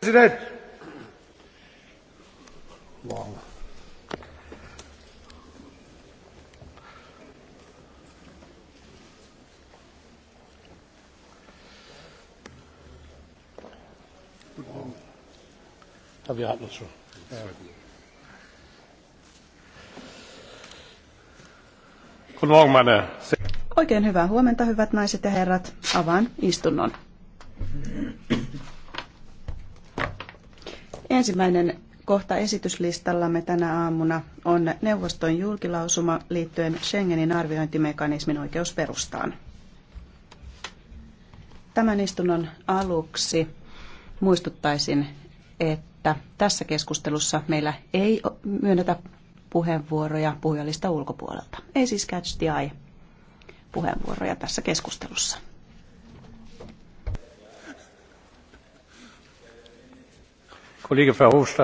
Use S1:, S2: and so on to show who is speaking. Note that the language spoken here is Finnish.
S1: President. Long.
S2: Oikein hyvää huomenta, hyvät naiset ja herrat. Avaan istunnon. Ensimmäinen kohta esityslistallamme tänä aamuna on neuvoston julkilausuma liittyen Schengenin arviointimekanismin oikeusperustaan. Tämän istunnon aluksi muistuttaisin, että tässä keskustelussa meillä ei myönnetä puheenvuoroja puhujalista ulkopuolelta. Ei siis catch the eye puheenvuoroja tässä keskustelussa.
S1: kollege verhofstadt!